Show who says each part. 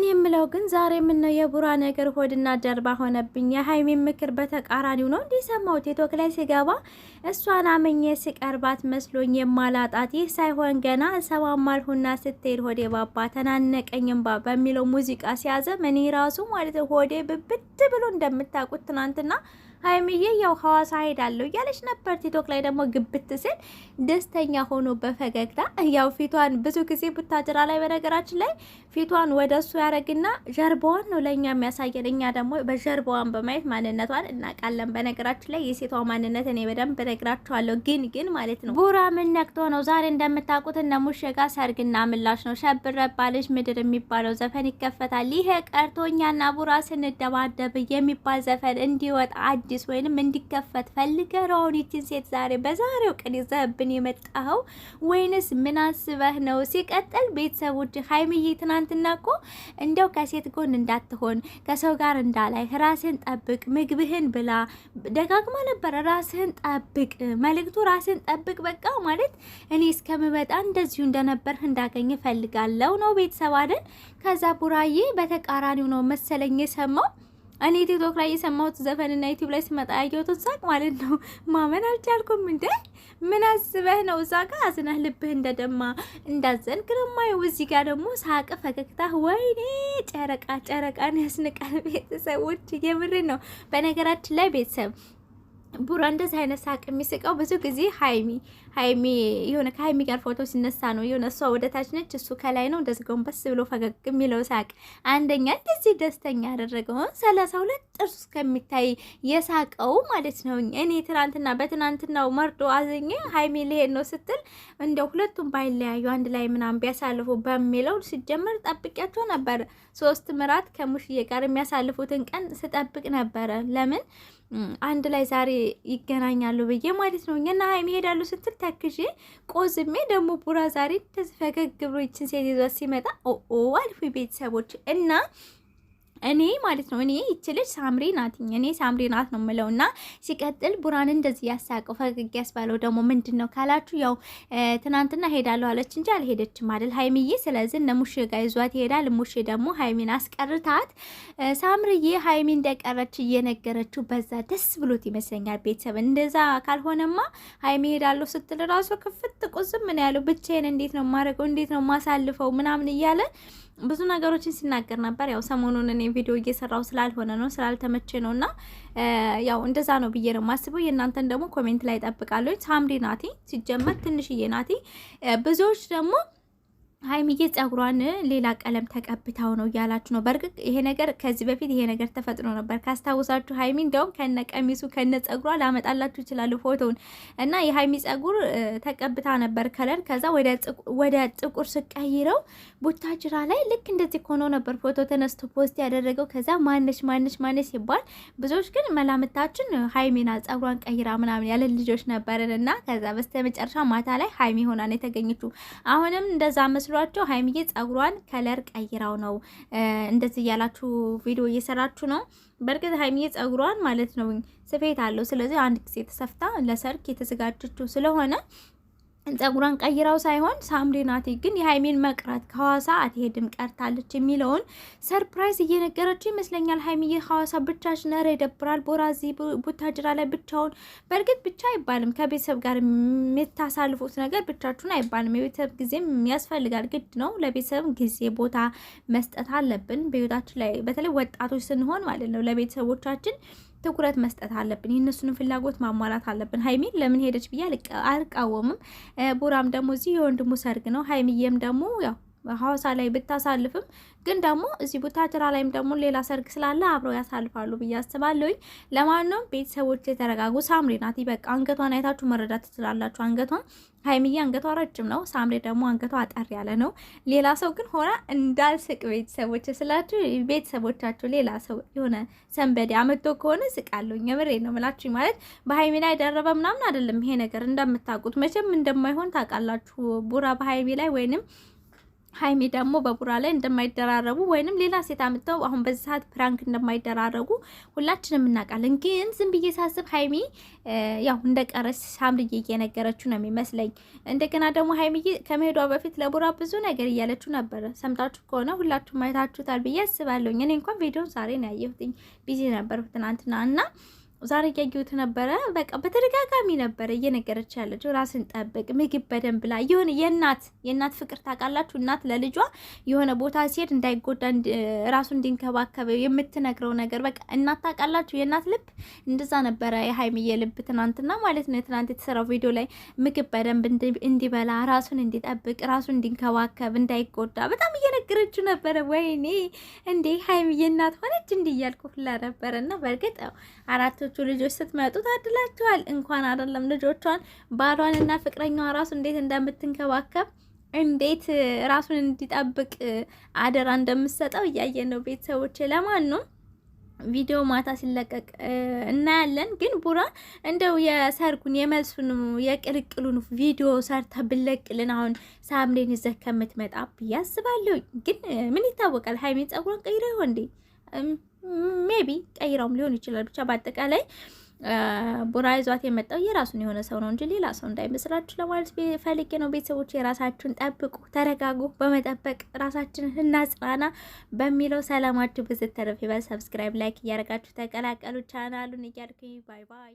Speaker 1: እኔ የምለው ግን ዛሬ ምን ነው የቡራ ነገር ሆድና ጀርባ ሆነብኝ? የሀይሜን ምክር በተቃራኒው ነው እንዲህ ሰማሁት። ቲክቶክ ላይ ሲገባ እሷን አመኘ ሲቀርባት መስሎኝ የማላጣት ይህ ሳይሆን ገና ሰባማል ሁና ስትሄድ ሆዴ ባባ ተናነቀኝ እምባ በሚለው ሙዚቃ ሲያዘ እኔ ራሱ ማለት ሆዴ ብብት ብሎ እንደምታውቁት ትናንትና ሀይሚዬ ያው ሀዋሳ ሄዳለሁ እያለች ነበር። ቲክቶክ ላይ ደግሞ ግብት ስል ደስተኛ ሆኖ በፈገግታ ያው ፊቷን ብዙ ጊዜ ቡታጅራ ላይ በነገራችን ላይ ፊቷን ወደ እሱ ያደረግና ጀርባዋን ነው ለእኛ የሚያሳየን። እኛ ደግሞ በጀርባዋን በማየት ማንነቷን እናውቃለን። በነገራችን ላይ የሴቷ ማንነት እኔ በደንብ እነግራችኋለሁ። ግን ግን ማለት ነው
Speaker 2: ቡራ ምን ነክቶ ነው ዛሬ እንደምታውቁት እነ ሙሼ ጋር ሰርግና ምላሽ ነው። ሸብረባለች ምድር የሚባለው ዘፈን ይከፈታል። ይሄ ቀርቶኛና ቡራ ስንደባደብ የሚባል ዘፈን እንዲወጣ እንዲዳድስ ወይንም እንዲከፈት ፈልገ ነው ይችን ሴት ዛሬ በዛሬው ቀን ይዘህብን የመጣኸው ወይንስ ምን አስበህ ነው? ሲቀጥል ቤተሰቦች ሀይምዬ ትናንትና እኮ እንደው ከሴት ጎን እንዳትሆን ከሰው ጋር እንዳላይ ራስህን ጠብቅ፣ ምግብህን ብላ ደጋግማ ነበር። ራስህን ጠብቅ መልእክቱ ራስህን ጠብቅ በቃ ማለት እኔ እስከምመጣ እንደዚሁ እንደነበርህ እንዳገኝ ፈልጋለው ነው ቤተሰብ አይደል? ከዛ ቡራዬ በተቃራኒው ነው መሰለኝ የሰማው እኔ ቲክቶክ ላይ የሰማሁት ዘፈን እና ዩቲዩብ ላይ ስመጣ ያየሁት ሳቅ ማለት ነው ማመን አልቻልኩም። እንደ ምን አስበህ ነው? እዛ ጋ አዝነህ ልብህ እንደደማ እንዳዘን ግርማየው፣ እዚህ ጋር ደግሞ ሳቅ ፈገግታ። ወይኔ ጨረቃ ጨረቃን ያስንቃል። ቤተሰቦች የምሬን ነው። በነገራችን ላይ ቤተሰብ ቡራ እንደዚህ አይነት ሳቅ የሚስቀው ብዙ ጊዜ ሀይሚ ሀይሚ የሆነ ከሀይሚ ጋር ፎቶ ሲነሳ ነው። የሆነ እሷ ወደ ታች ነች፣ እሱ ከላይ ነው። እንደዚህ ጎንበስ ብሎ ፈገግ የሚለው ሳቅ አንደኛ እንደዚህ ደስተኛ ያደረገውን ሰላሳ ሁለት ጥርሱ እስከሚታይ የሳቀው ማለት ነው። እኔ ትናንትና በትናንትናው መርዶ አዝኜ ሀይሚ ልሄድ ነው ስትል እንደ ሁለቱም ባይለያዩ አንድ ላይ ምናምን ቢያሳልፉ በሚለው ሲጀመር ጠብቂያቸው ነበር። ሶስት ምራት ከሙሽዬ ጋር የሚያሳልፉትን ቀን ስጠብቅ ነበረ ለምን አንድ ላይ ዛሬ ይገናኛሉ ብዬ ማለት ነው እና ሀይሚ ሄዳሉ ስትል ተክዤ ቆዝሜ ደግሞ ቡራ ዛሬ ተዝፈገግ ብሎ ይችን ሴት ይዟት ሲመጣ ኦ አልፉ ቤተሰቦች እና እኔ ማለት ነው እኔ ይች ልጅ ሳምሪ ናትኝ እኔ ሳምሪ ናት ነው የምለው። እና ሲቀጥል ቡራን እንደዚህ ያሳቀው ፈገግ ያስባለው ደግሞ ምንድን ነው ካላችሁ፣ ያው ትናንትና ሄዳለሁ አለች እንጂ አልሄደችም አይደል ሀይሚዬ። ስለዚህ እነ ሙሼ ጋር ይዟት ይሄዳል። ሙሼ ደግሞ ሀይሚን አስቀርታት፣ ሳምርዬ ሀይሚ እንደቀረች እየነገረችው በዛ ደስ ብሎት ይመስለኛል። ቤተሰብ እንደዛ ካልሆነማ ሀይሚ ሄዳለሁ ስትል ራሱ ክፍት ቁዝም ምን ያለው ብቻዬን እንዴት ነው ማድረገው እንዴት ነው ማሳልፈው ምናምን እያለ ብዙ ነገሮችን ሲናገር ነበር። ያው ሰሞኑን እኔ ቪዲዮ እየሰራው ስላልሆነ ነው ስላልተመቼ ነው። እና ያው እንደዛ ነው ብዬ ነው ማስበው። የእናንተን ደግሞ ኮሜንት ላይ ጠብቃለሁ። ሳምሪ ናቲ ሲጀመር ትንሽዬ ናቲ ብዙዎች ደግሞ ሀይሚዬ ጸጉሯን ሌላ ቀለም ተቀብታው ነው እያላችሁ ነው። በእርግጥ ይሄ ነገር ከዚህ በፊት ይሄ ነገር ተፈጥሮ ነበር ካስታውሳችሁ። ሀይሚ እንዲያውም ከነ ቀሚሱ ከነ ጸጉሯ ላመጣላችሁ ይችላሉ ፎቶውን እና የሀይሚ ጸጉር ተቀብታ ነበር ከለር። ከዛ ወደ ጥቁር ስቀይረው ቡታጅራ ላይ ልክ እንደዚህ ከሆነ ነበር ፎቶ ተነስቶ ፖስት ያደረገው። ከዛ ማነሽ ማነሽ ማነሽ ሲባል ብዙዎች ግን መላምታችን ሀይሚና ጸጉሯን ቀይራ ምናምን ያለ ልጆች ነበርን እና ከዛ በስተመጨረሻ ማታ ላይ ሀይሚ ሆና ነው የተገኘችው። አሁንም እንደዛ መስሎ መስሏቸው ሀይሚዬ ጸጉሯን ከለር ቀይራው ነው እንደዚህ እያላችሁ ቪዲዮ እየሰራችሁ ነው። በእርግጥ ሀይሚዬ ጸጉሯን ማለት ነው ስፌት አለው። ስለዚህ አንድ ጊዜ ተሰፍታ ለሰርግ የተዘጋጀችው ስለሆነ ጸጉሯን ቀይራው ሳይሆን ሳምሪ ናት። ግን የሀይሜን መቅረት ከሐዋሳ አትሄድም ቀርታለች የሚለውን ሰርፕራይዝ እየነገረች ይመስለኛል። ሀይሜ ሐዋሳ ብቻሽን፣ ኧረ ይደብራል። ቦራዚ ቡታጅራ ላይ ብቻውን። በእርግጥ ብቻ አይባልም፣ ከቤተሰብ ጋር የምታሳልፉት ነገር ብቻችሁን አይባልም። የቤተሰብ ጊዜም ያስፈልጋል፣ ግድ ነው። ለቤተሰብ ጊዜ ቦታ መስጠት አለብን በህይወታችን ላይ፣ በተለይ ወጣቶች ስንሆን ማለት ነው ለቤተሰቦቻችን ትኩረት መስጠት አለብን። የእነሱንም ፍላጎት ማሟላት አለብን። ሀይሚን ለምን ሄደች ብዬ አልቃወምም። ቡራም ደግሞ እዚህ የወንድሙ ሰርግ ነው። ሀይሚዬም ደግሞ ያው ሐዋሳ ላይ ብታሳልፍም ግን ደግሞ እዚህ ቡታጅራ ላይም ደግሞ ሌላ ሰርግ ስላለ አብረው ያሳልፋሉ ብዬ አስባለሁኝ። ለማንም ቤተሰቦች የተረጋጉ ሳምሬ ናት። በቃ አንገቷን አይታችሁ መረዳት ትችላላችሁ። አንገቷን ሀይሚዬ አንገቷ ረጅም ነው፣ ሳምሬ ደግሞ አንገቷ አጠር ያለ ነው። ሌላ ሰው ግን ሆና እንዳልስቅ ቤተሰቦች ስላችሁ ቤተሰቦቻችሁ ሌላ ሰው የሆነ ሰንበዴ አመቶ ከሆነ ስቃለሁ። የምሬ ነው ምላችሁ። ማለት በሀይሚ ላይ ደረበ ምናምን አይደለም ይሄ ነገር እንደምታውቁት መቼም እንደማይሆን ታውቃላችሁ። ቡራ በሀይሚ ላይ ወይንም ሀይሚ ደግሞ በቡራ ላይ እንደማይደራረቡ ወይንም ሌላ ሴት አምጥተው አሁን በዚህ ሰዓት ፕራንክ እንደማይደራረጉ ሁላችንም እናውቃለን። ግን ዝም ብዬ ሳስብ ሀይሚ ያው ቀረስ ሳምርዬ እየነገረችው ነው የሚመስለኝ። እንደገና ደግሞ ሀይሚዬ ከመሄዷ በፊት ለቡራ ብዙ ነገር እያለችው ነበረ። ሰምታችሁ ከሆነ ሁላችሁም አይታችሁታል ብዬ አስባለሁኝ። እኔ እንኳን ቪዲዮን ዛሬ ነው ያየሁትኝ፣ ቢዚ ነበርኩ ትናንትና እና ዛሬ እያየሁት ነበረ። በቃ በተደጋጋሚ ነበረ እየነገረች ያለችው ራስን ጠብቅ፣ ምግብ በደንብ ላይ የሆነ የእናት የእናት ፍቅር ታውቃላችሁ። እናት ለልጇ የሆነ ቦታ ሲሄድ እንዳይጎዳ ራሱ እንዲንከባከበው የምትነግረው ነገር በቃ እናት ታውቃላችሁ። የእናት ልብ እንደዛ ነበረ የሀይሚዬ ልብ ትናንትና ማለት ነው። ትናንት የተሰራው ቪዲዮ ላይ ምግብ በደንብ እንዲበላ፣ ራሱን እንዲጠብቅ፣ ራሱን እንዲንከባከብ፣ እንዳይጎዳ በጣም እየነገረችው ነበረ። ወይኔ እንዴ ሀይሚዬ እናት ሆነች እንዲህ እያልኩ ሁላ ነበረ እና በእርግጥ አራቱ የራሳችሁ ልጆች ስትመጡ ታድላችኋል። እንኳን አይደለም ልጆቿን ባሏንና ፍቅረኛዋ ራሱ እንዴት እንደምትንከባከብ እንዴት ራሱን እንዲጠብቅ አደራ እንደምሰጠው እያየ ነው። ቤተሰቦች ነው ቪዲዮ ማታ ሲለቀቅ እናያለን። ግን ቡራ እንደው የሰርጉን የመልሱን የቅልቅሉን ቪዲዮ ሰርተ ብለቅልን አሁን ሳምሌን ይዘህ ከምትመጣ ብዬ አስባለሁ። ግን ምን ይታወቃል? ሀይሜ ጸጉሯን ቀይረ ይሆን እንዴ? ሜቢ ቀይረውም ሊሆን ይችላል። ብቻ በአጠቃላይ ቡራ ይዟት የመጣው የራሱን የሆነ ሰው ነው እንጂ ሌላ ሰው እንዳይመስላችሁ ለማለት ፈልጌ ነው። ቤተሰቦች የራሳችሁን ጠብቁ፣ ተረጋጉ። በመጠበቅ ራሳችን እናጽናና በሚለው ሰላማችሁ ብዝት ተረፍ ይበል። ሰብስክራይብ፣ ላይክ እያደረጋችሁ ተቀላቀሉ ቻናሉን እያልኩኝ ባይ ባይ።